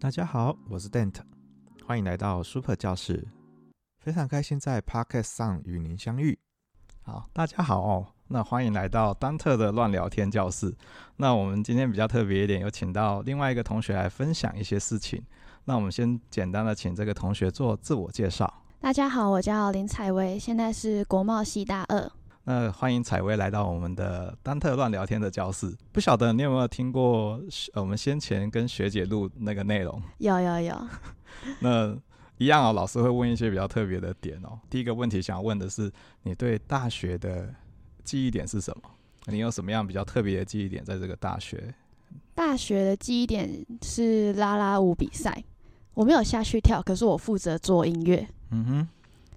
大家好，我是丹特，歡迎來到 Super 教室，非常開心在 Podcast 上與您相遇。好，大家好哦，那歡迎來到丹特的亂聊天教室。那我們今天比較特別一點，有請到另外一個同學來分享一些事情。那我們先簡單的請這個同學做自我介紹。大家好，我叫林采薇，現在是國貿系大二。那、呃、歡迎采葳來到我們的丹特亂聊天的教室。不曉得你有沒有聽過、呃、我們先前跟學姐錄那個內容？有有有。有有 那一樣啊、哦，老師會問一些比較特別的點哦。第一個問題想問的是，你對大學的記憶點是什麼？你有什麼樣比較特別的記憶點在這個大學？大學的記憶點是啦啦舞比賽，我沒有下去跳，可是我負責做音樂。嗯哼。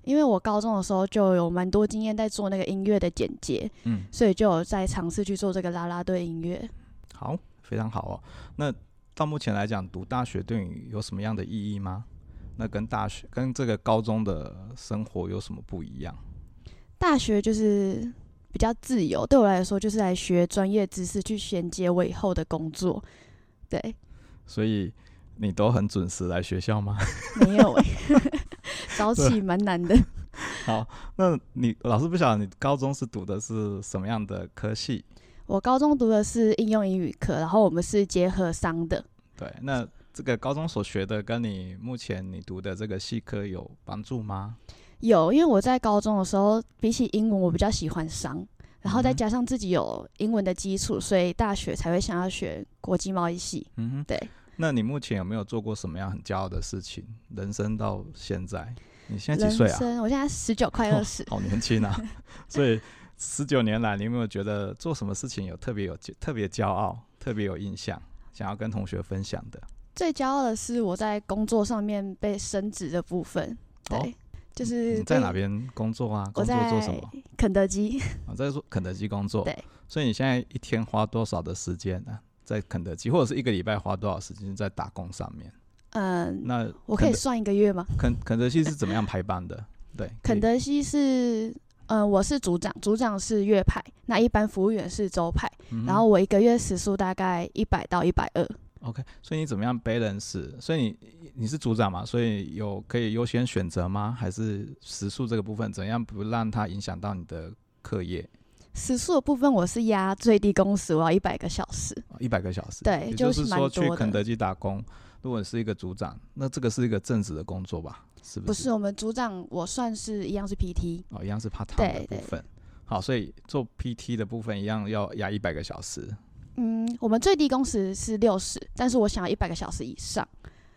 因為我高中的時候就有蠻多經驗在做那個音樂的剪輯，嗯，所以就有在嘗試去做這個啦啦隊音樂。好，非常好哦。那到目前來講，讀大學對你有什麼樣的意義嗎？那跟大學跟這個高中的生活有什麼不一樣？大學就是比較自由，對我來說就是來學專業知識，去銜接我以後的工作。對，所以你都很準時來學校嗎？沒有耶 早起蠻難的。對 好，那你老師不曉得你高中是讀的是什麼樣的科系？我高中讀的是應用英語科，然後我們是結合商的。對，那這個高中所學的跟你目前你讀的這個系科有幫助嗎？有，因為我在高中的時候，比起英文，我比較喜歡商，然後再加上自己有英文的基礎，所以大學才會想要學國際貿易系。嗯哼對。那你目前有沒有做過什麼樣很驕傲的事情？人生到現在，你現在幾歲啊？人生，我現在十九快二十，好年輕啊！ 所以十九年來，你有沒有覺得做什麼事情有特別有特別驕傲、特別有印象，想要跟同學分享的？最驕傲的是我在工作上面被升職的部分。對，哦、就是你在哪邊工作啊？工作我在 做什麼？肯德基、哦。我在做肯德基工作。對，所以你現在一天花多少的時間呢、啊？在肯德基或者是一個禮拜花多少時間在打工上面？嗯、呃，那我可以算一個月嗎？肯肯德基是怎麼樣排班的？ 對，肯德基是，嗯、呃，我是組長，組長是月排，那一般服務員是周排，然後我一個月時數大概一百到一百二。OK，所以你怎麼樣 balance？所以你你是組長嘛，所以有可以優先選擇嗎？還是時數這個部分怎樣不讓它影響到你的課業？時數的部分，我是壓最低工時，我要一百個小時，一百、哦、個小時，對，就是、就是說去肯德基打工。如果你是一個組長，那這個是一個正職的工作吧？是不是？不是，我們組長我算是一樣是 PT 哦，一樣是 part time 的部分。對對對，好，所以做 PT 的部分一樣要壓一百個小時。嗯，我們最低工時是六十，但是我想要一百個小時以上。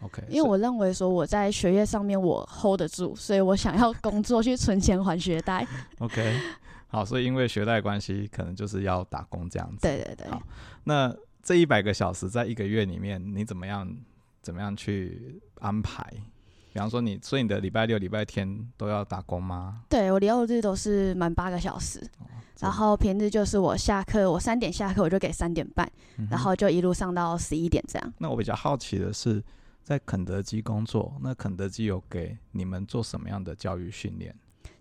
OK，因為我認為說我在學業上面我 hold 得住，是所以我想要工作去存錢還學貸。 OK。好，所以因為學貸關係，可能就是要打工這樣子。對對對。那這一百個小時在一個月裡面，你怎麼樣？怎麼樣去安排？比方說你，你所以你的禮拜六、禮拜天都要打工嗎？對，我禮拜六日都是滿八個小時，哦、然後平日就是我下課，我三點下課我就給三點半，嗯、哼然後就一路上到十一點這樣。那我比較好奇的是，在肯德基工作，那肯德基有給你們做什麼樣的教育訓練？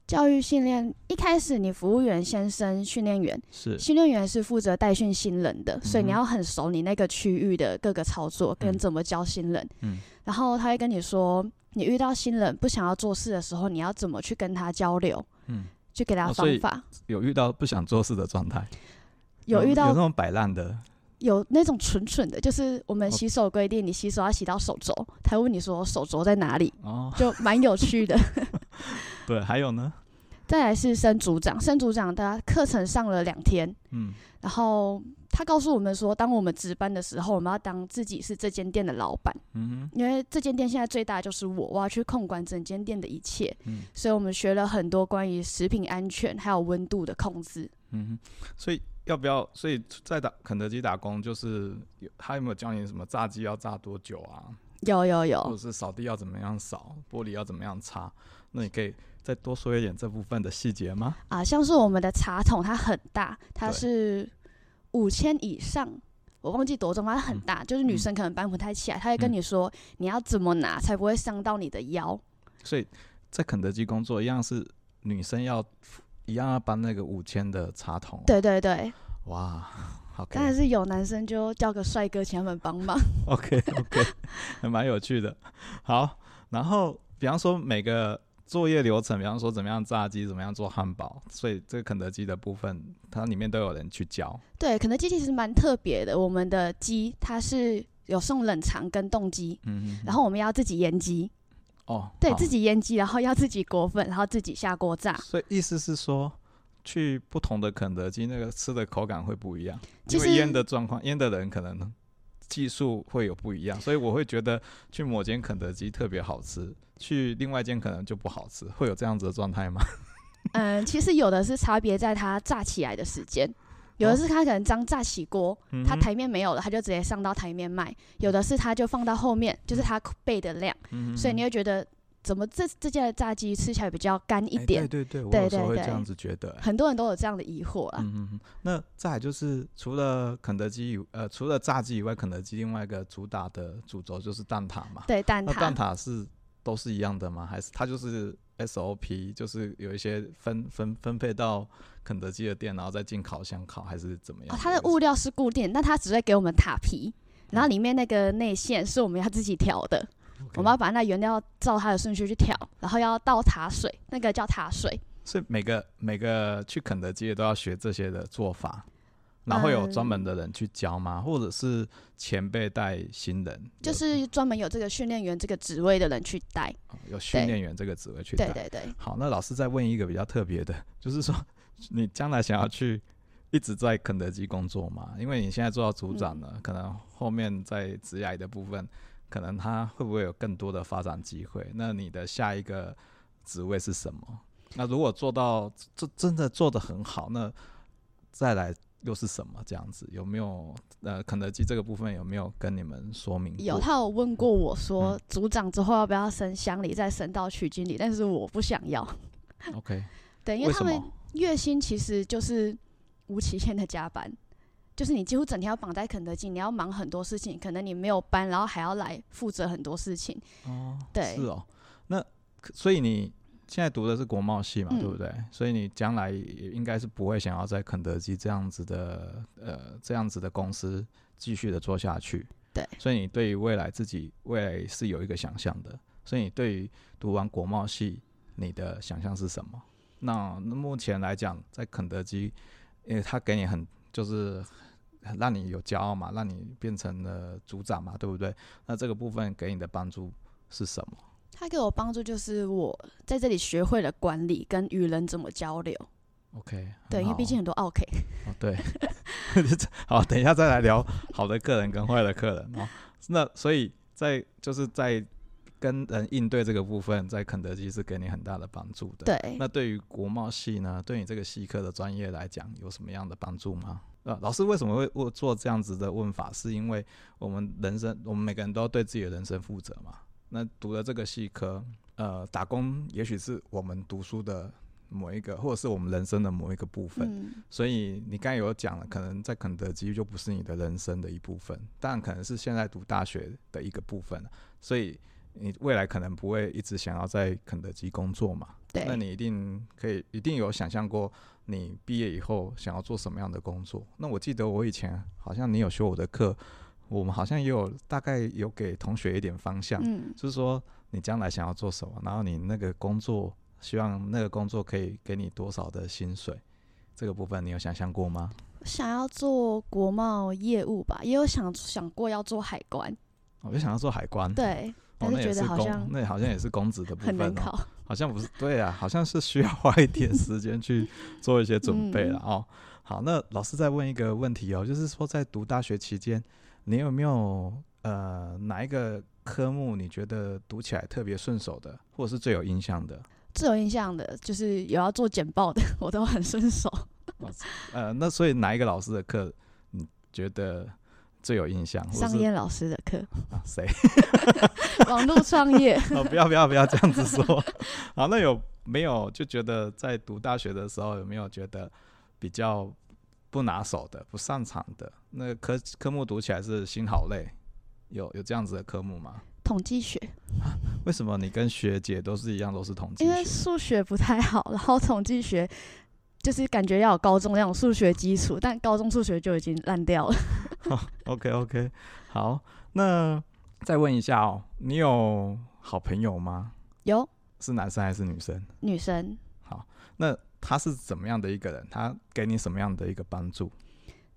教育訓練一開始，你服務員先升訓練員，是訓練員是負責帶訓新人的，嗯、所以你要很熟你那個區域的各個操作跟怎麼教新人。嗯，嗯然後他會跟你說，你遇到新人不想要做事的時候，你要怎麼去跟他交流？嗯，去給他方法。哦、有遇到不想做事的狀態，有，有遇到有那種擺爛的，有那種蠢蠢的，就是我們洗手規定，我你洗手要洗到手肘，他會問你說手肘在哪裡？哦、就蠻有趣的。 對，還有呢。再來是升組長，升組長他課程上了兩天，嗯，然後他告訴我們說，當我們值班的時候，我們要當自己是這間店的老板，嗯哼，因為這間店現在最大就是我，我要去控管整間店的一切，嗯，所以我們學了很多關於食品安全還有溫度的控制，嗯哼，所以要不要？所以在打肯德基打工，就是他有沒有教你什麼炸雞要炸多久啊？有有有，或者是掃地要怎麼樣掃，玻璃要怎麼樣擦？那你可以。再多說一點這部分的細節嗎？啊，像是我們的茶桶，它很大，它是五千以上，我忘記多重，它很大，嗯、就是女生可能搬不太起來，她、嗯、會跟你說、嗯、你要怎麼拿才不會傷到你的腰。所以在肯德基工作一樣是女生要一樣要搬那個五千的茶桶、啊，對對對，哇，好、okay，當但是有男生就叫個帥哥請他們幫忙。 OK OK， 還蠻有趣的。好，然後比方說每個。作業流程，比方說怎麼樣炸雞，怎麼樣做漢堡，所以這個肯德基的部分，它裡面都有人去教。對，肯德基其實蠻特別的。我們的雞它是有送冷藏跟凍雞，嗯哼，然後我們要自己醃雞，哦，對自己醃雞，然後要自己裹粉，然後自己下鍋炸。所以意思是說，去不同的肯德基，那個吃的口感會不一樣，就是、因為醃的狀況，醃的人可能。技術會有不一樣，所以我會覺得去某間肯德基特別好吃，去另外一間可能就不好吃，會有這樣子的狀態嗎？嗯，其實有的是差別在它炸起來的時間，有的是它可能剛炸起鍋，哦、它台面沒有了，它就直接上到台面賣；嗯、哼有的是它就放到後面，就是它備的量，嗯、哼所以你會覺得。怎麼這這家的炸雞吃起來比較乾一點？欸、對對對，對對對我有時候會這樣子覺得、欸。很多人都有這樣的疑惑啊。嗯嗯，那再就是除了肯德基以呃除了炸雞以外，肯德基另外一個主打的主軸就是蛋撻嘛。對蛋撻，那蛋撻是都是一樣的嗎？還是它就是 SOP，就是有一些分分分配到肯德基的店，然後再進烤箱烤，還是怎麼樣、哦？它的物料是固定，但它只會給我們塔皮，然後裡面那個內餡是我們要自己調的。我們要把那原料照它的順序去調，然後要倒茶水，那個叫茶水。所以每個每個去肯德基的都要學這些的做法，然後會有專門的人去教嗎？嗯、或者是前輩帶新人？就是專門有這個訓練員這個職位的人去帶、哦，有訓練員這個職位去帶。對對對。好，那老師再問一個比較特別的，就是說你將來想要去一直在肯德基工作嗎？因為你現在做到組長了，嗯、可能後面在職涯的部分。可能他會不會有更多的發展機會？那你的下一個職位是什麼？那如果做到這真的做得很好，那再來又是什麼？這樣子有沒有？呃，肯德基這個部分有沒有跟你們說明？有，他有問過我說，嗯、組長之後要不要升襄理，再升到區經理？但是我不想要。 OK，對，因為他們月薪其實就是無期限的加班。就是你幾乎整天要綁在肯德基，你要忙很多事情，可能你沒有班，然後還要來負責很多事情。哦，對，是哦。那所以你現在讀的是國貿系嘛，嗯，對不對？所以你將來也應該是不會想要在肯德基這樣子的呃這樣子的公司繼續的做下去。對。所以你對於未來自己未來是有一個想象的。所以你對於讀完國貿系，你的想象是什麼？那，那目前來講，在肯德基，因為他給你很。就是讓你有驕傲嘛，讓你變成了組長嘛，對不對？那這個部分給你的幫助是什麼？他給我幫助就是我在這裡學會了管理跟與人怎麼交流。OK，對，好因為畢竟很多奧客。對， 好，等一下再來聊好的客人跟壞的客人哦。那所以在就是在。跟人應對這個部分，在肯德基是給你很大的幫助的。對，那對於國貿系呢，對你這個系科的專業來講，有什麼樣的幫助嗎？啊、呃，老師為什麼會問做這樣子的問法？是因為我們人生，我們每個人都要對自己的人生負責嘛。那讀了這個系科，呃，打工也許是我們讀書的某一個，或者是我們人生的某一個部分。嗯、所以你剛才有講了，可能在肯德基就不是你的人生的一部分，但可能是現在讀大學的一個部分。所以你未來可能不會一直想要在肯德基工作嘛？對。那你一定可以，一定有想象過你畢業以後想要做什麼樣的工作？那我記得我以前好像你有學我的課，我們好像也有大概有給同學一點方向，嗯，就是說你將來想要做什麼，然後你那個工作希望那個工作可以給你多少的薪水，這個部分你有想象過嗎？想要做國貿業務吧，也有想想過要做海關。我就想要做海關。對。那也是工，是覺得好像那好像也是工資的部分、哦、好像不是對啊，好像是需要花一點時間去做一些準備了哦。嗯、好，那老師再問一個問題哦，就是說在讀大學期間，你有沒有呃哪一個科目你覺得讀起來特別順手的，或者是最有印象的？最有印象的就是有要做簡報的，我都很順手。哦。呃，那所以哪一個老師的課你覺得？最有印象，商燕老師的課啊？誰？ 網絡創業。哦，不要不要不要這樣子說。好，那有沒有就覺得在讀大學的時候，有沒有覺得比較不拿手的、不擅長的？那科科目讀起來是心好累，有有這樣子的科目嗎？統計學。啊，為什麼你跟學姐都是一樣都是統計？因為數學不太好，然後統計學。就是感覺要有高中那種數學基礎，但高中數學就已經爛掉了。好，OK，OK，好，那再問一下哦，你有好朋友嗎？有，是男生還是女生？女生。好，那他是怎麼樣的一個人？他給你什麼樣的一個幫助？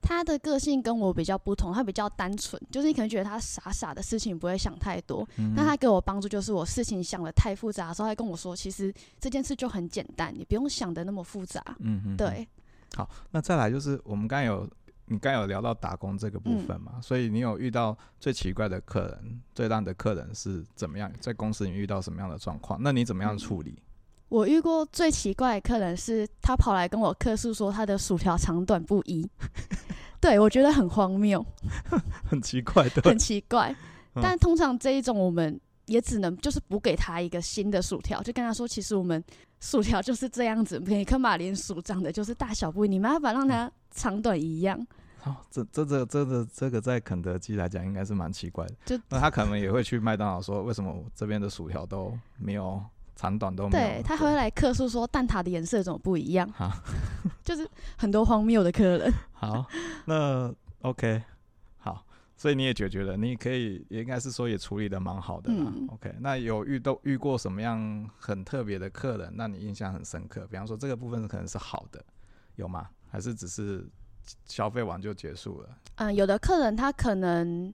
他的個性跟我比較不同，他比較單純，就是你可能覺得他傻傻的，事情不會想太多。嗯、哼那他給我幫助就是我事情想的太複雜的時候，他跟我說其實這件事就很簡單，你不用想的那麼複雜。嗯哼。對。好，那再來就是我們剛有你剛有聊到打工這個部分嘛，嗯、所以你有遇到最奇怪的客人、最爛的客人是怎麼樣？在公司你遇到什麼樣的狀況？那你怎麼樣處理、嗯？我遇過最奇怪的客人是，他跑來跟我客訴說他的薯條長短不一。 對，我覺得很荒謬， 很奇怪，對，很奇怪。嗯、但通常這一種，我們也只能就是補給他一個新的薯條，就跟他說，其實我們薯條就是這樣子，每一根馬鈴薯長的就是大小不一樣，你們要把他讓它長短一樣。嗯、哦，這這這這這這個在肯德基來講應該是蠻奇怪的，就 那他可能也會去麥當勞說，為什麼我這邊的薯條都沒有？長短都沒有。對，他還會來客訴說蛋撻的顏色怎麼不一樣？哈、嗯，就是很多荒謬的客人。 好，那 OK，好，所以你也解決了，你可以也應該是說也處理的蠻好的、嗯、OK，那有遇到遇過什麼樣很特別的客人，那你印象很深刻？比方說這個部分可能是好的，有嗎？還是只是消費完就結束了？嗯，有的客人他可能。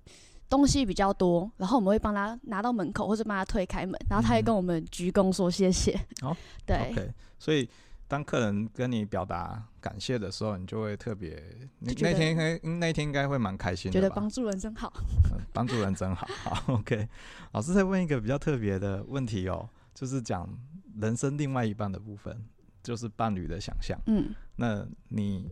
東西比較多，然後我們會幫他拿到門口，或者幫他推開門，然後他也跟我們鞠躬說謝謝。嗯、哦、對、okay. 所以當客人跟你表達感謝的時候，你就會特別，那天應該那天應該會蠻開心的。覺得幫助人真好，幫、嗯、助人真好， 好。OK。老師再問一個比較特別的問題哦，就是講人生另外一半的部分，就是伴侶的想象。嗯，那你？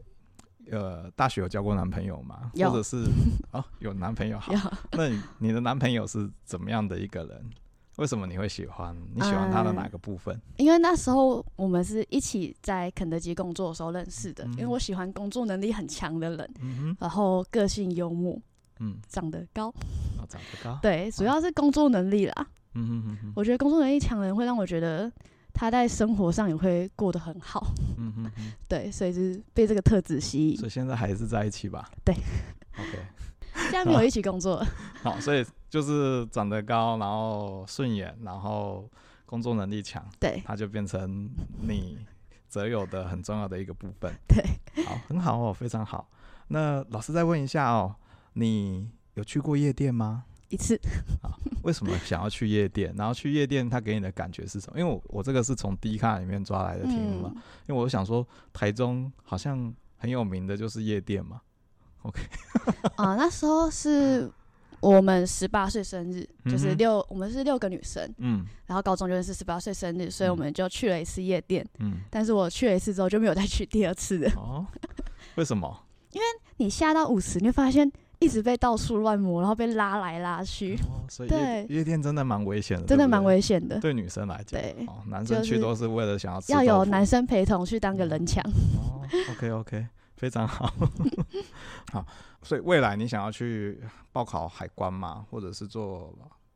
呃，大學有交過男朋友嗎？有或者是，哦，有男朋友。好，有那你，你的男朋友是怎麼樣的一個人？為什麼你會喜歡？你喜歡他的哪個部分？哎，因為那時候我們是一起在肯德基工作的時候認識的。嗯、哼因為我喜歡工作能力很強的人，嗯、哼然後個性幽默，嗯長、哦，長得高。長得高。對，主要是工作能力啦。嗯哼哼哼。我覺得工作能力強的人會讓我覺得。他在生活上也會過得很好，嗯嗯對，所以就是被這個特質吸引，所以現在還是在一起吧？對，OK，現在沒有一起工作 好，好，所以就是長得高，然後順眼，然後工作能力強，對，他就變成你擇友的很重要的一個部分，對，好，很好哦，非常好。那老師再問一下哦，你有去過夜店嗎？一次 啊？為什麼想要去夜店？然後去夜店，它給你的感覺是什麼？因為我我這個是從 Dcard 裡面抓來的題目嘛。嗯、因為我想說，台中好像很有名的就是夜店嘛。OK，啊，那時候是我們十八歲生日，嗯、就是六，嗯、哼我們是六個女生，嗯，然後高中就是十八歲生日，所以我們就去了一次夜店，嗯，但是我去了一次之後就沒有再去第二次的哦。為什麼？因為你下到五十，你會發現。一直被到處亂摸，然後被拉來拉去。哦，所以夜對夜店真的蠻危險的，對對真的蠻危險的。對女生來講，對、哦，男生去都是為了想要。要有男生陪同去當個人牆、哦。 哦，OK OK，非常好。 好，所以未來你想要去報考海關嗎，或者是做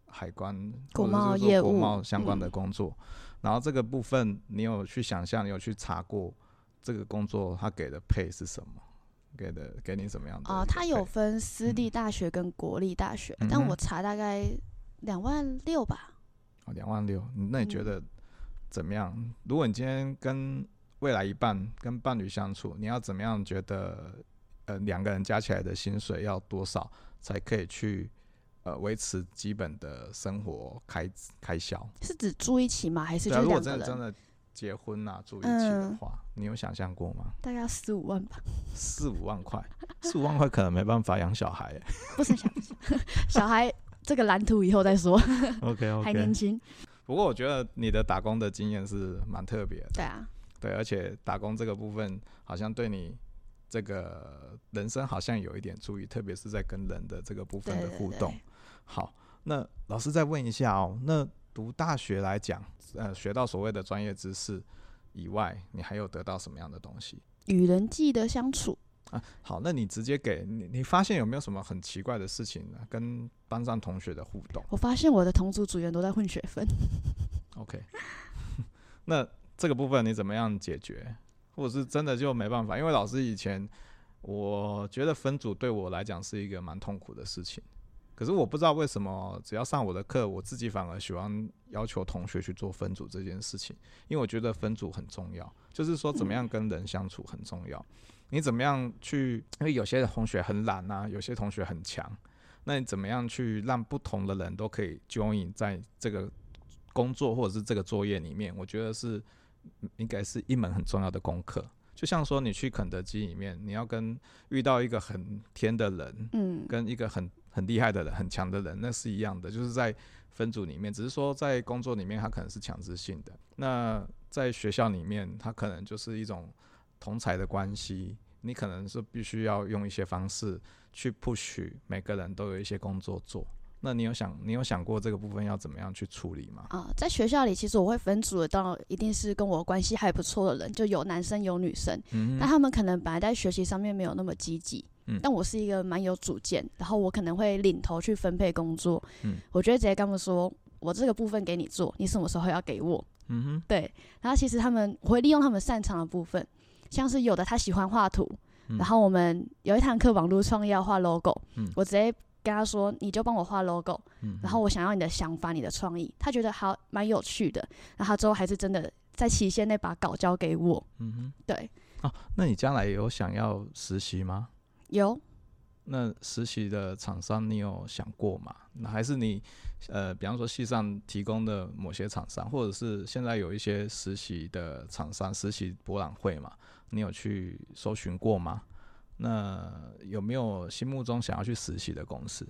海關，國貿業務，國貿相關的工作。嗯、然後這個部分，你有去想象，你有去查過這個工作他給的配是什麼？給的給你怎麼樣啊、哦？他有分私立大學跟國立大學，嗯、哼但我查大概兩萬六吧。哦，兩萬六，那你覺得怎麼樣？嗯、如果你今天跟未來一半跟伴侶相處，你要怎麼樣？覺得呃兩個人加起來的薪水要多少才可以去呃維持基本的生活開開銷？是指住一起嗎？還是、啊、真的？真的結婚吶、啊，住一起的話，呃、你有想象過嗎？大概要四五萬吧。四五萬塊， 四五萬塊可能沒辦法養小孩。不是小孩， 小孩這個藍圖以後再說。 OK OK，還年輕。不過我覺得你的打工的經驗是蠻特別的。對啊，對，而且打工這個部分，好像對你這個人生好像有一點注意，特別是在跟人的這個部分的互動。對對對，好，那老師再問一下哦，那。讀大學來講，呃，學到所謂的專業知識以外，你還有得到什麼樣的東西？與人際的相處啊。好，那你直接給你，你發現有沒有什麼很奇怪的事情呢、啊？跟班上同學的互動？我發現我的同組組員都在混學分。OK， 那這個部分你怎麼樣解決？或者是真的就沒辦法？因為老師以前，我覺得分組對我來講是一個蠻痛苦的事情。可是我不知道為什麼，只要上我的課，我自己反而喜歡要求同學去做分組這件事情，因為我覺得分組很重要，就是說怎麼樣跟人相處很重要。嗯，你怎麼樣去？因為有些同學很懶啊，有些同學很強，那你怎麼樣去讓不同的人都可以 join 在這個工作或者是這個作業裡面？我覺得是應該是一門很重要的功課。就像說，你去肯德基裡面，你要跟遇到一個很天的人，嗯，跟一個很很厲害的人，很強的人，那是一樣的，就是在分組裡面，只是說在工作裡面，他可能是強制性的。那在學校裡面，他可能就是一種同儕的關係，你可能是必須要用一些方式去 push 每個人都有一些工作做。那你有想，你有想過這個部分要怎麼樣去處理嗎？啊，在學校裡，其實我會分組的到一定是跟我關係還不錯的人，就有男生有女生。嗯哼，那他們可能本來在學習上面沒有那麼積極。嗯、但我是一個蠻有主見，然後我可能會領頭去分配工作。嗯，我覺得直接跟他們說，我這個部分給你做，你什麼時候要給我？嗯哼，對。然後其實他們我會利用他們擅長的部分，像是有的他喜歡畫圖，嗯、然後我們有一堂課網絡創意要畫 logo，、嗯、我直接跟他說你就幫我畫 logo，、嗯、哼然後我想要你的想法、你的創意，他覺得還蠻有趣的，然後他最後還是真的在期限內把稿交給我。嗯哼，對。哦、啊，那你將來有想要實習嗎？有，那實習的廠商你有想過嗎？那還是你呃，比方說，系上提供的某些廠商，或者是現在有一些實習的廠商，實習博覽會嘛，你有去搜尋過嗎？那有沒有心目中想要去實習的公司？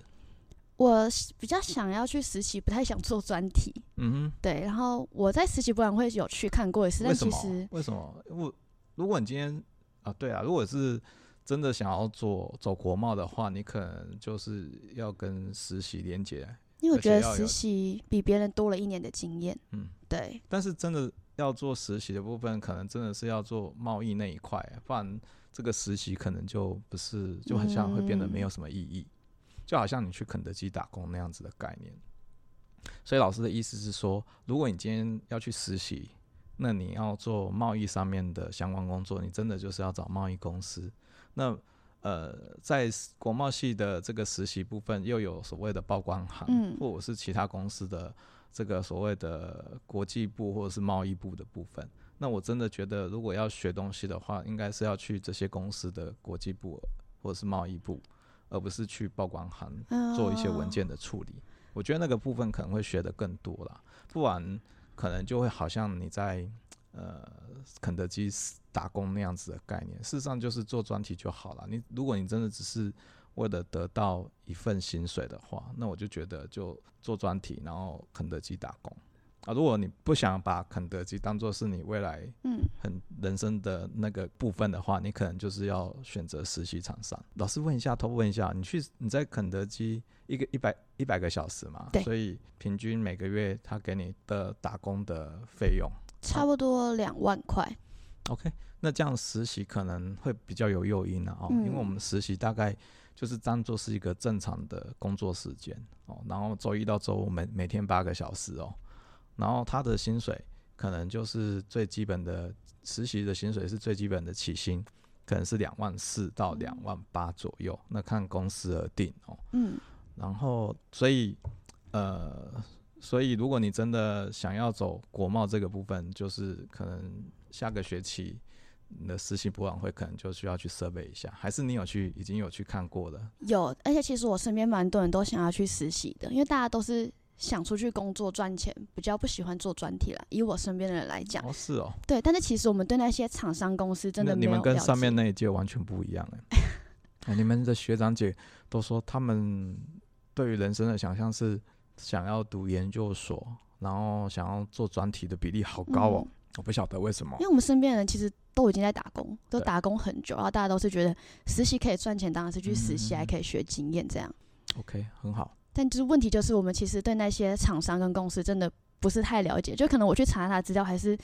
我比較想要去實習，不太想做專題。嗯哼，對。然後我在實習博覽會有去看過一次，但其實為什麼？我如果你今天啊，對啊，如果是。真的想要做走國貿的話，你可能就是要跟實習連接。因為我覺得實習比別人多了一年的經驗。嗯，對。但是真的要做實習的部分，可能真的是要做貿易那一塊，不然這個實習可能就不是就很像會變得沒有什麼意義，嗯、就好像你去肯德基打工那樣子的概念。所以老師的意思是說，如果你今天要去實習，那你要做貿易上面的相關工作，你真的就是要找貿易公司。那，呃，在國貿系的這個實習部分，又有所謂的報關行，嗯、或者是其他公司的這個所謂的國際部或者是貿易部的部分。那我真的覺得，如果要學東西的話，應該是要去這些公司的國際部或者是貿易部，而不是去報關行做一些文件的處理。哦、我覺得那個部分可能會學得更多啦，不然可能就會好像你在。呃，肯德基打工那樣子的概念，事實上就是做專題就好了。你如果你真的只是為了得到一份薪水的話，那我就覺得就做專題，然後肯德基打工啊。如果你不想把肯德基當做是你未來嗯很人生的那個部分的話，嗯。你可能就是要選擇實習廠商。老師問一下，偷問一下，你去你在肯德基一個一百一百個小時嘛？對，所以平均每個月他給你的打工的費用。差不多兩萬塊。OK，那這樣實習可能會比較有誘因了、啊、哦，嗯、因為我們實習大概就是當做是一個正常的工作時間哦，然後週一到週五每每天八個小時哦，然後他的薪水可能就是最基本的實習的薪水是最基本的起薪，可能是兩萬四到兩萬八左右，嗯、那看公司而定哦。嗯，然後所以呃。所以，如果你真的想要走國貿這個部分，就是可能下個學期你的實習博覽會可能就需要去設備一下，還是你有去已經有去看過了？有，而且其實我身邊蠻多人都想要去實習的，因為大家都是想出去工作賺錢，比較不喜歡做專題了。以我身邊的人來講，哦，是哦，對。但是其實我們對那些廠商公司真的你們跟上面那一屆完全不一樣哎、欸 啊，你們的學長姐都說他們對於人生的想象是，想要讀研究所，然後想要做專題的比例好高哦，嗯、我不曉得為什麼，因為我們身邊人其實都已經在打工，都打工很久，對然後大家都是覺得實習可以賺錢，當然是去實習還可以學經驗這樣。嗯、OK，很好。但就是問題就是，我們其實對那些廠商跟公司真的不是太了解，就可能我去查他的資料，還是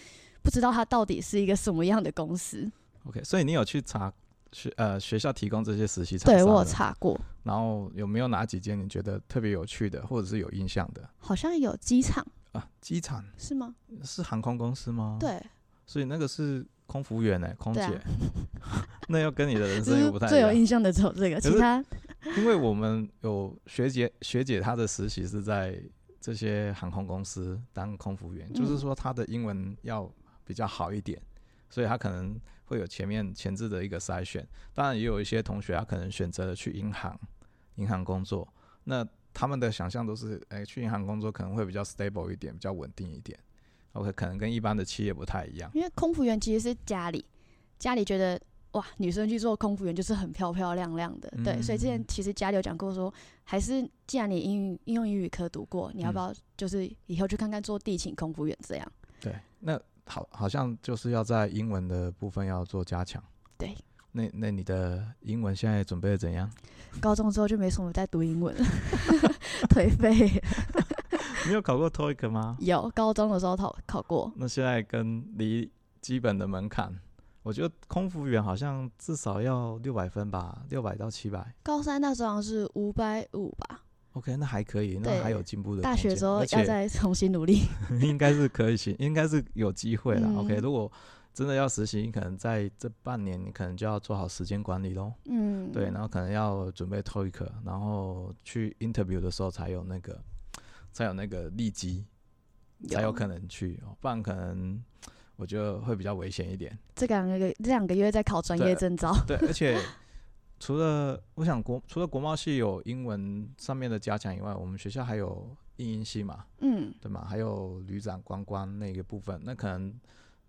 不知道他到底是一個什麼樣的公司。OK，所以你有去查？學呃學校提供這些實習場所，對我有查過。然後有沒有哪幾間你覺得特別有趣的，或者是有印象的？好像有機場啊，機場是嗎？是航空公司嗎？對，所以那個是空服員呢、欸，空姐。對啊、 那又跟你的人生又不太一樣。最有印象的只有這個，是其他。 因為我們有學姐，學姐她的實習是在這些航空公司當空服員，嗯、就是說她的英文要比較好一點，所以她可能。會有前面前置的一個篩選，當然也有一些同學他、啊、可能選擇了去銀行，銀行工作，那他們的想象都是，哎，去銀行工作可能會比較 stable 一點，比較穩定一點，OK，可能跟一般的企業不太一樣。因為空服員其實是家裡，家裡覺得，哇，女生去做空服員就是很漂漂亮亮的，嗯、對，所以之前其實家裡有講過說，說還是既然你英語應用英語科讀過，你要不要就是以後去看看做地勤空服員這樣、嗯？對，那。好，好像就是要在英文的部分要做加強。對，那那你的英文現在準備的怎樣？高中之後就沒什麼在讀英文了， 頹廢。你 有考過 TOEIC 嗎？有，高中的時候考考過。那現在跟離基本的門檻，我覺得空服員好像至少要六百分吧，六百到七百。高三那時候好像是五百五吧。OK，那還可以，對那還有進步的空間，大學時候要再重新努力，且 應該是可以行，應該是有機會了。嗯、OK，如果真的要實習，可能在這半年，你可能就要做好時間管理咯。嗯，對，然後可能要準備 TOEIC，然後去 interview 的時候才有那個，才有那個利基，有才有可能去，不然可能我覺得會比較危險一點。這兩個這兩個月在考專業證照，對，對，而且。 除了我想國除了國貿系有英文上面的加強以外，我們學校還有英音，音系嘛，嗯，對嘛，還有旅長觀光那個部分，那可能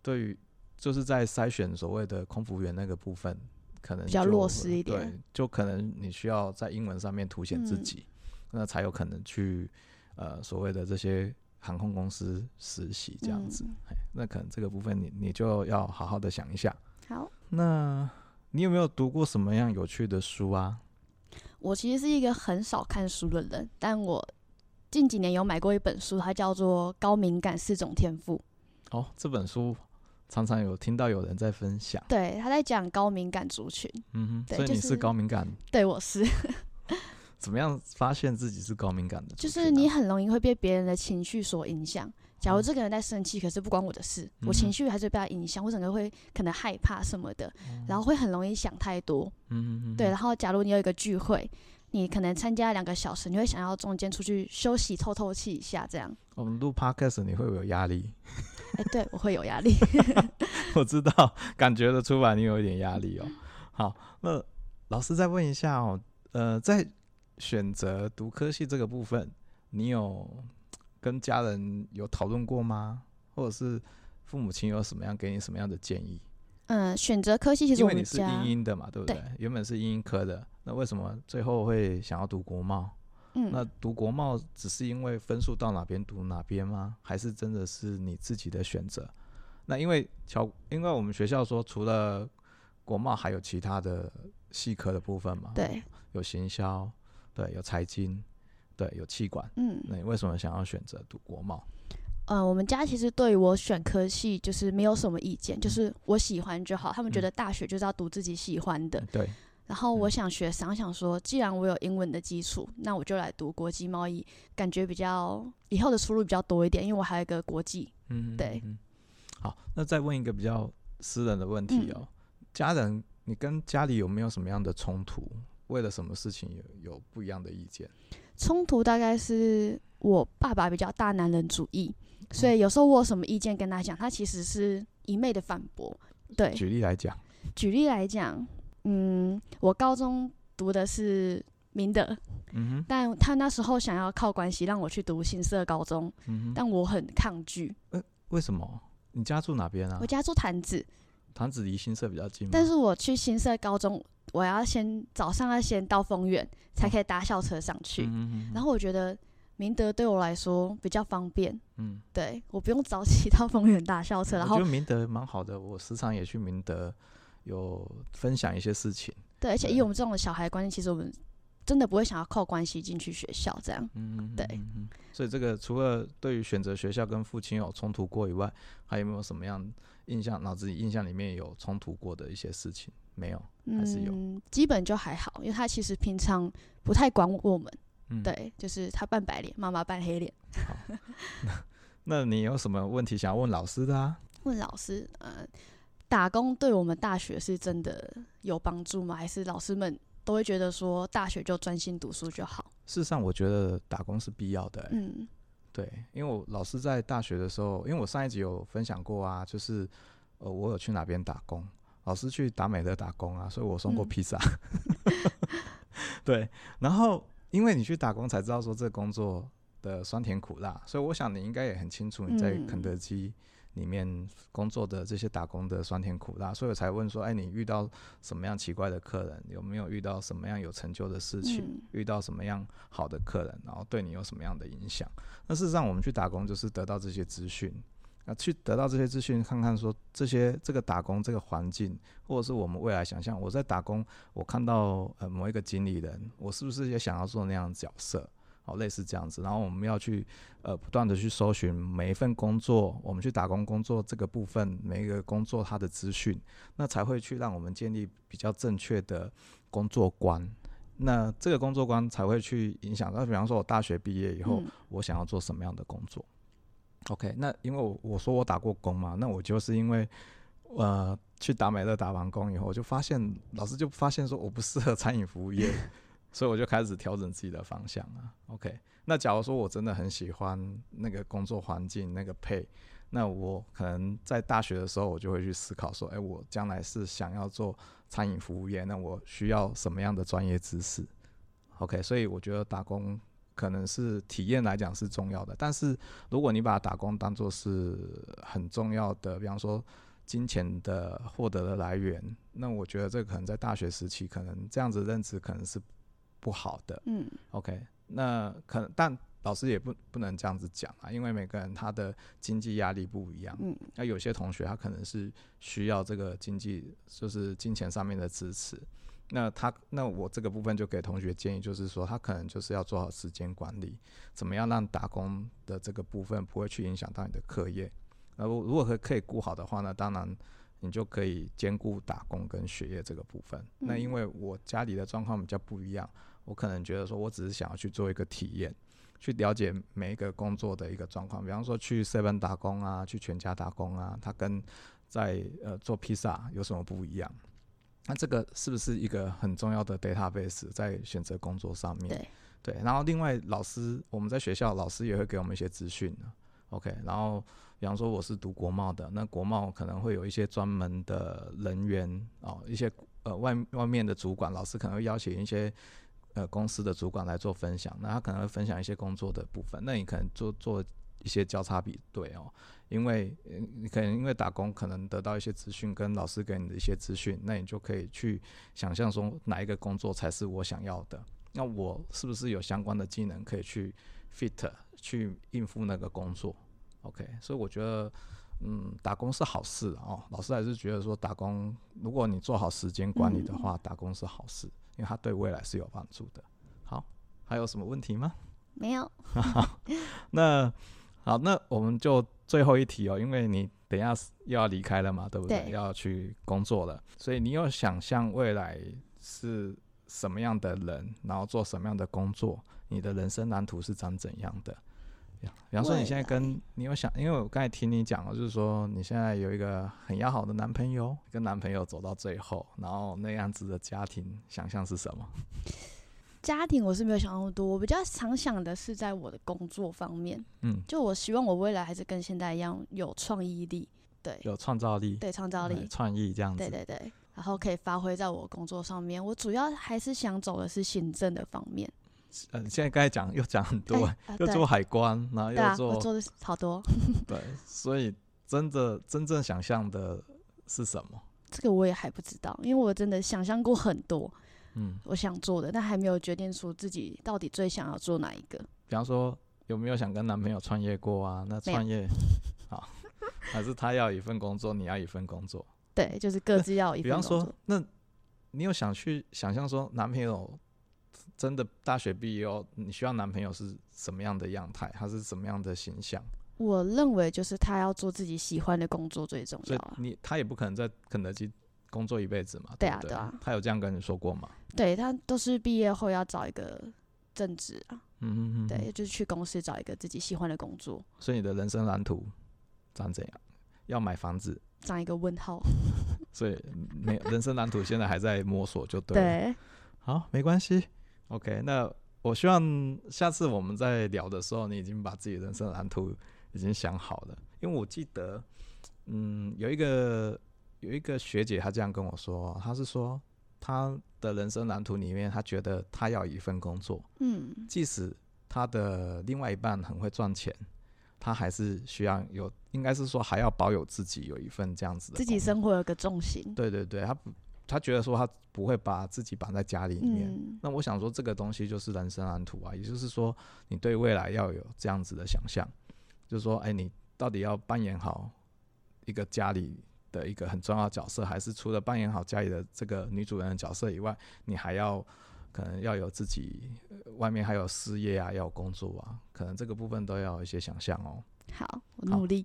對於就是在篩選所謂的空服員那個部分，可能就比較弱勢一點，對，就可能你需要在英文上面凸顯自己，嗯，那才有可能去呃所謂的這些航空公司實習這樣子，嗯，那可能這個部分你你就要好好的想一下，好，那。你有沒有讀過什麼樣有趣的書啊？我其實是一個很少看書的人，但我近幾年有買過一本書，它叫做《高敏感四種天賦》。哦，這本書常常有聽到有人在分享，對，他在講高敏感族群。嗯哼，對所以你是高敏感？就是、對，我是。 怎麼樣發現自己是高敏感的、啊？就是你很容易會被別人的情緒所影響。假如這個人在生氣，嗯、可是不關我的事，我情緒還是被他影響，我整個會可能害怕什麼的，嗯、然後會很容易想太多。嗯嗯嗯，嗯嗯對。然後假如你有一個聚會，你可能參加兩個小時，你會想要中間出去休息透透氣一下，這樣。我們錄 podcast 你會不會有壓力？哎，對我會有壓力。 我知道，感覺得出來你有一點壓力哦。好，那老師再問一下哦，呃，在選擇讀科系這個部分，你有？跟家人有討論過嗎？或者是父母親有什麼樣給你什麼樣的建議？嗯，選擇科系其實，因為你是英英的嘛，對不對？對，原本是英英科的，那為什麼最後會想要讀國貿？嗯，那讀國貿只是因為分數到哪邊讀哪邊嗎？還是真的是你自己的選擇？那因為喬，因為我們學校說除了國貿還有其他的系科的部分嘛，對，有行銷，對，有財經。對，有氣管。嗯，那你為什麼想要選擇讀國貿？嗯、呃，我們家其實對我選科系就是沒有什麼意見，嗯、就是我喜歡就好。嗯、他們覺得大學就是要讀自己喜歡的。對、嗯。然後我想學，想想說，既然我有英文的基礎，那我就來讀國際貿易，感覺比較以後的出路比較多一點，因為我還有一個國際。嗯。對嗯。好，那再問一個比較私人的問題哦，嗯、家人，你跟家裡有沒有什麼樣的衝突？為了什麼事情有有不一樣的意見？衝突大概是我爸爸比較大男人主義，所以有時候我有什麼意見跟他講，他其實是一昧的反駁。對，舉例來講。舉例來講，嗯，我高中讀的是明德，嗯哼，但他那時候想要靠關係讓我去讀新社高中，嗯哼，但我很抗拒。欸？為什麼？你家住哪邊啊？我家住潭子，潭子離新社比較近嗎？但是我去新社高中。我要先早上要先到豐原，才可以搭校車上去。嗯嗯嗯、然後我覺得明德對我來說比較方便。嗯，對，我不用早起到豐原搭校車。嗯、然後我覺得明德蠻好的，我時常也去明德有分享一些事情。對，對而且以我們這種小孩觀念，其實我們真的不會想要靠關係進去學校這樣。嗯，對嗯。所以這個除了對於選擇學校跟父親有衝突過以外，還有沒有什麼樣？印象腦子裡印象裡面有衝突過的一些事情沒有？還是有、嗯？基本就還好，因為他其實平常不太管我們。嗯、對，就是他扮白臉，媽媽扮黑臉。好，那你有什麼問題想要問老師的啊？ 問老師，嗯、呃，打工對我們大學是真的有幫助嗎？還是老師們都會覺得說大學就專心讀書就好？事實上，我覺得打工是必要的、欸。嗯。對，因為我老師在大學的時候，因為我上一集有分享過啊，就是，呃，我有去哪邊打工，老師去達美樂打工啊，所以我送過披薩。嗯、 對，然後因為你去打工才知道說這個工作的酸甜苦辣，所以我想你應該也很清楚你在肯德基。裡面工作的這些打工的酸甜苦辣，所以我才問說：哎、欸，你遇到什麼樣奇怪的客人？有沒有遇到什麼樣有成就的事情？嗯、遇到什麼樣好的客人？然後對你有什麼樣的影響？那事實上，我們去打工就是得到這些資訊，啊，去得到這些資訊，看看說這些這個打工這個環境，或者是我們未來想象，我在打工，我看到呃某一個經理人，我是不是也想要做那樣的角色？好，類似這樣子，然後我們要去呃不斷的去搜尋每一份工作，我們去打工工作這個部分，每一個工作它的資訊，那才會去讓我們建立比較正確的，工作觀，那這個工作觀才會去影響到，比方說我大學畢業以後，嗯、我想要做什麼樣的工作，OK，那因為我我說我打過工嘛，那我就是因為呃去達美樂打完工以後，我就發現老師就發現說我不適合餐飲服務業。 所以我就開始調整自己的方向啊。OK，那假如說我真的很喜歡那個工作環境，那個 pay，那我可能在大學的時候，我就會去思考說，哎、欸，我將來是想要做餐飲服務業，那我需要什麼樣的專業知識？OK，所以我覺得打工可能是體驗來講是重要的，但是如果你把打工當作是很重要的，比方說金錢的獲得的來源，那我覺得這個可能在大學時期可能這樣子的認知可能是。不好的，嗯，OK，那可能，但老師也不不能這樣子講啊，因為每個人他的經濟壓力不一樣，嗯，那有些同學他可能是需要這個經濟，就是金錢上面的支持，那他，那我這個部分就給同學建議，就是說他可能就是要做好時間管理，怎麼樣讓打工的這個部分不會去影響到你的課業，那如果可以顧好的話呢，當然你就可以兼顧打工跟學業這個部分，嗯，那因為我家裡的狀況比較不一樣。我可能覺得說，我只是想要去做一個體驗，去了解每一個工作的一個狀況。比方說去 seven 打工啊，去全家打工啊，它跟在呃做披薩有什麼不一樣？那這個是不是一個很重要的 database 在選擇工作上面？對，對，然後另外老師，我們在學校老師也會給我們一些資訊，OK，然後比方說我是讀國貿的，那國貿可能會有一些專門的人員哦，一些呃外外面的主管老師可能會邀請一些。呃，公司的主管來做分享，那他可能會分享一些工作的部分，那你可能做做一些交叉比對哦，因為嗯，你可能因為打工可能得到一些資訊跟老師給你的一些資訊，那你就可以去想象說哪一個工作才是我想要的，那我是不是有相關的技能可以去 fit 去應付那個工作？OK，所以我覺得嗯，打工是好事哦，老師還是覺得說打工，如果你做好時間管理的話，嗯嗯打工是好事。因為他對未來是有幫助的。好，還有什麼問題嗎？沒有 那。那好，那我們就最後一題哦，因為你等一下又要離開了嘛，對不對？對，要去工作了，所以你有想象未來是什麼樣的人，然後做什麼樣的工作？你的人生藍圖是長怎樣的？比方說，你現在跟你有想，因為我剛才聽你講的，就是說你現在有一個很要好的男朋友，跟男朋友走到最後，然後那樣子的家庭想象是什麼？家庭我是沒有想那麼多，我比較常想的是在我的工作方面。嗯，就我希望我未來還是跟現在一樣有創意力，對，有創造力，對，創造力，創意這樣子。對對對，然後可以發揮在我工作上面。我主要還是想走的是行政的方面。嗯、呃，現在剛才講又講很多、欸，欸呃、又做海關，對然後又做，我做的好多。 對，所以真的真正想象的是什麼？這個我也還不知道，因為我真的想象過很多，嗯，我想做的，嗯、但還沒有決定出自己到底最想要做哪一個。比方說，有沒有想跟男朋友創業過啊？那創業，有好， 還是他要一份工作，你要一份工作？對，就是各自要一份工作。比方說，那你有想去想象說男朋友？真的大學畢業哦，你需要男朋友是什麼樣的樣態？他是什麼樣的形象？我認為就是他要做自己喜歡的工作最重要啊。你他也不可能在肯德基工作一輩子嘛？對，對，對啊對啊。他有這樣跟你說過嗎？對他都是畢業後要找一個正職啊，嗯嗯對，就是去公司找一個自己喜歡的工作。所以你的人生藍圖長怎樣？要買房子？長一個問號。 所以沒人生藍圖，現在還在摸索，就對。 對好，沒關係。OK，那我希望下次我們再聊的時候，你已經把自己人生的藍圖已經想好了。因為我記得，嗯，有一個有一個學姐，她這樣跟我說，她是說她的人生藍圖裡面，她覺得她要一份工作，嗯，即使她的另外一半很會賺錢，她還是需要有，應該是說還要保有自己有一份這樣子的，的。自己生活有個重心。對對對，她不。他覺得說他不會把自己綁在家裡裡面，嗯、那我想說這個東西就是人生藍圖啊，也就是說你對未來要有這樣子的想象，就是說哎、欸，你到底要扮演好一個家裡的一個很重要角色，還是除了扮演好家裡的這個女主人的角色以外，你還要可能要有自己、呃、外面還有事業啊，要有工作啊，可能這個部分都要有一些想象哦。好，我努力。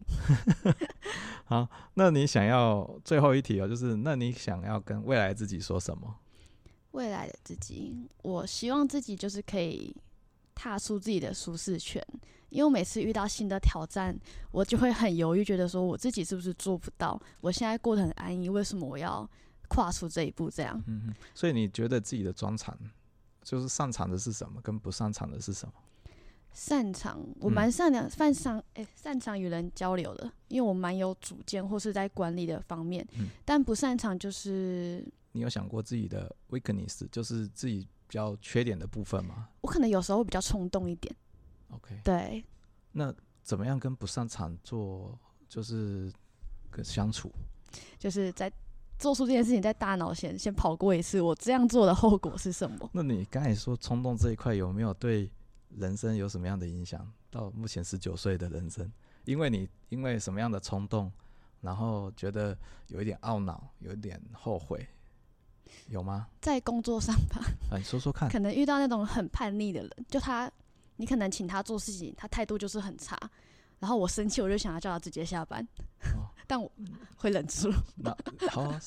好， 好，那你想要最後一題哦，就是那你想要跟未來自己說什麼？未來的自己，我希望自己就是可以踏出自己的舒適圈，因為我每次遇到新的挑戰，我就會很猶豫，覺得說我自己是不是做不到？我現在過得很安逸，為什麼我要跨出這一步？這樣，嗯哼，所以你覺得自己的專長就是擅長的是什麼，跟不擅長的是什麼？擅長，我蠻善良、嗯、擅長，擅長誒，擅長與人交流的，因為我蠻有主見或是在管理的方面，嗯、但不擅長就是。你有想過自己的 weakness，就是自己比較缺點的部分嗎？我可能有時候會比較衝動一點。OK。對。那怎麼樣跟不擅長做就是相處？就是在做出這件事情，在大腦先先跑過一次，我這樣做的後果是什麼？那你剛才說衝動這一塊有沒有對人生有什麼樣的影響？到目前十九歲的人生，因為你因為什麼樣的衝動，然後覺得有一點懊惱，有一點後悔，有嗎？在工作上吧。啊，你說說看。可能遇到那種很叛逆的人，就他，你可能請他做事情，他態度就是很差，然後我生氣，我就想要叫他直接下班，哦、但我、嗯、會忍住。那好、啊，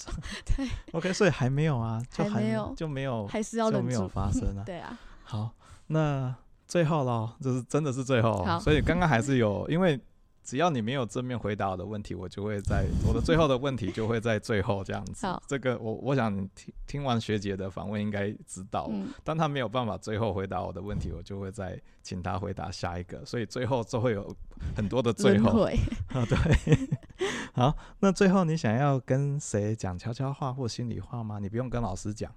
對，OK，所以還沒有啊，就還，還沒有，就沒有，還是要忍住，就沒有發生啊 對啊，好，那。最後咯，就是真的是最後，好所以剛剛還是有，因為只要你沒有正面回答我的問題，我就會在我的最後的問題就會在最後這樣子。好這個我我想聽聽完學姐的訪問應該知道，嗯、但他沒有辦法最後回答我的問題，我就會再請他回答下一個，所以最後就會有很多的最後。回對，好，那最後你想要跟誰講悄悄話或心裡話嗎？你不用跟老師講，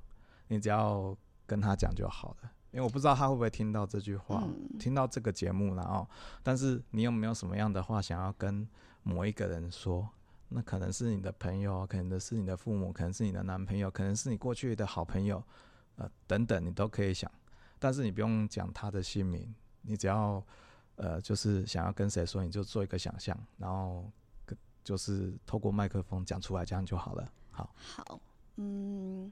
你只要跟他講就好了。因為我不知道他會不會聽到這句話，嗯、聽到這個節目，然後，但是你有沒有什麼樣的話想要跟某一個人說？那可能是你的朋友，可能是你的父母，可能是你的男朋友，可能是你過去的好朋友，呃，等等，你都可以想，但是你不用講他的姓名，你只要，呃，就是想要跟誰說，你就做一個想象，然後，就是透過麥克風講出來，這樣就好了。好，好，嗯，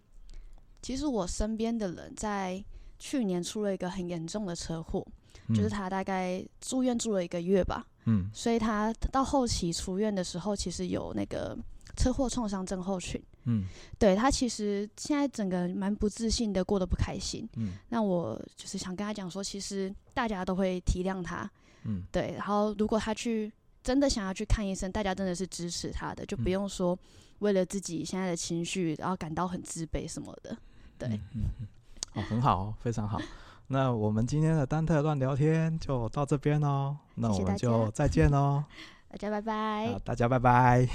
其實我身邊的人在。去年出了一個很嚴重的車禍，嗯、就是他大概住院住了一個月吧。嗯、所以他到後期出院的時候，其實有那個車禍創傷症候群。嗯、對，他其實現在整個蠻不自信的，過得不開心。嗯、那我就是想跟他講說，其實大家都會體諒他。嗯、對。然後如果他去真的想要去看醫生，大家真的是支持他的，就不用說為了自己現在的情緒然後感到很自卑什麼的。對。嗯嗯嗯哦，很好、哦，非常好。 那我們今天的丹特亂聊天就到這邊哦。謝謝。那我們就再見哦 大家拜拜。好、啊，大家拜拜。